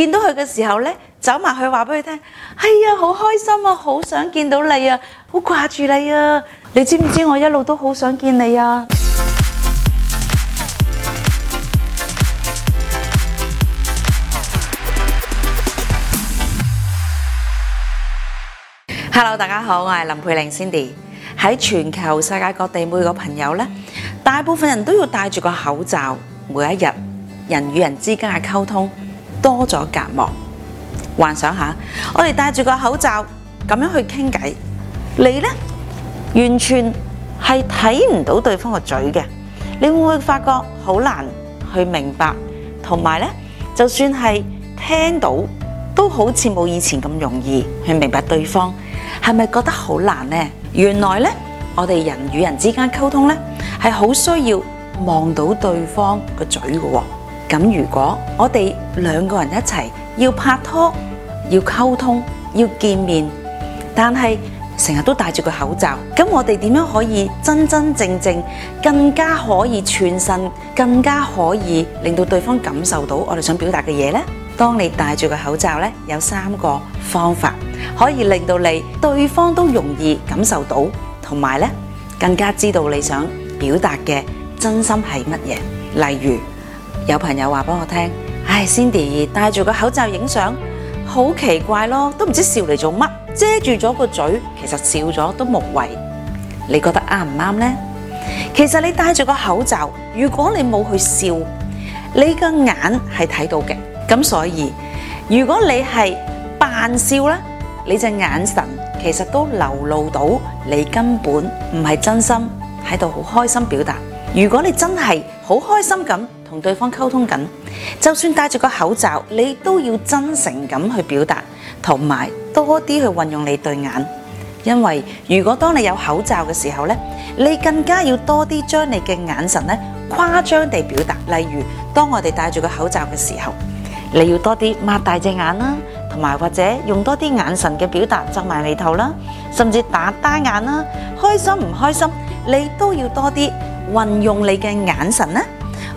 見到佢嘅時候咧，走埋去話俾佢聽：哎呀，好開心啊，好想見到你啊，好掛住你啊！你知唔知我一路都好想見你啊？Hello，大家好，我係林佩玲 Cindy。喺全球世界各地每個朋友咧，大部分人都要戴住個口罩，每一日人與人之間嘅溝通，多咗隔膜，幻想下，我哋戴住個口罩咁樣去傾偈，你呢，完全係睇唔到對方個嘴嘅，你會唔會發覺好難去明白？同埋呢，就算係聽到，都好似冇以前咁容易去明白對方，係咪覺得好難呢？原來呢，我哋人與人之間溝通呢，係好需要望到對方個嘴嘅。咁如果我哋兩個人一齊要拍拖、要溝通、要見面，但係成日都戴住個口罩，咁我哋點樣可以真真正正更加可以傳神，更加可以令到對方感受到我哋想表達嘅嘢呢？當你戴住個口罩咧，有三個方法可以令到你對方都容易感受到，同埋咧更加知道你想表達嘅真心係乜嘢，例如。有朋友話俾我聽，唉，Cindy 戴住個口罩影相，好奇怪咯，都唔知笑嚟做乜，遮住咗個嘴，其實笑咗都無謂。你覺得啱唔啱呢？其實你戴住個口罩，如果你冇去笑，你個眼係睇到嘅，咁所以如果你係扮笑呢，你隻眼神其實都流露到你根本唔係真心喺度好開心表達。如果你真係好開心咁。同對方溝通緊，就算戴住個口罩，你都要真誠咁去表達，同埋多啲去運用你對眼。因為如果當你有口罩嘅時候咧，你更加要多啲將你嘅眼神咧誇張地表達。例如當我哋戴住個口罩嘅時候，你要多啲擘大隻眼啦，同埋或者用多啲眼神嘅表達皺埋眉頭啦，甚至打單眼啦，開心唔開心，你都要多啲運用你嘅眼神呢。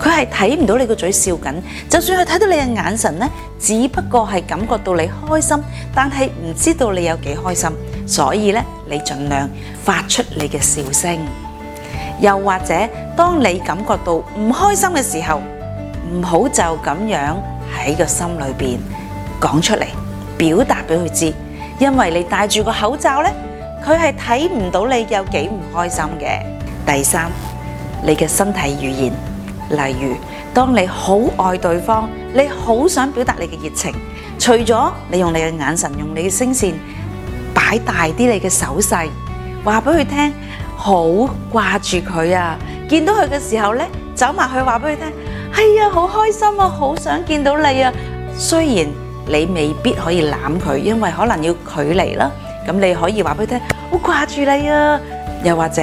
佢係睇唔到你個嘴笑緊，就算佢睇到你嘅眼神咧，只不過係感覺到你開心，但係唔知道你有幾開心。所以咧，你盡量發出你嘅笑聲。又或者，當你感覺到唔開心嘅時候，唔好就咁樣喺個心裏邊，講出嚟，表達俾佢知，因為你戴住個口罩咧，佢係睇唔到你有幾唔開心嘅。第三，你嘅身體語言。例如，當你好愛對方，你好想表達你嘅熱情，除咗你用你嘅眼神，用你嘅聲線，擺大啲你嘅手勢，話俾佢聽，好掛住佢啊！見到佢嘅時候呢，走埋去話俾佢聽，係啊，好開心啊，好想見到你啊！雖然你未必可以攬佢，因為可能要距離啦，咁你可以話俾佢聽，好掛住你啊！又或者。